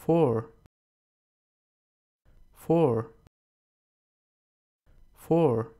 four, four, four.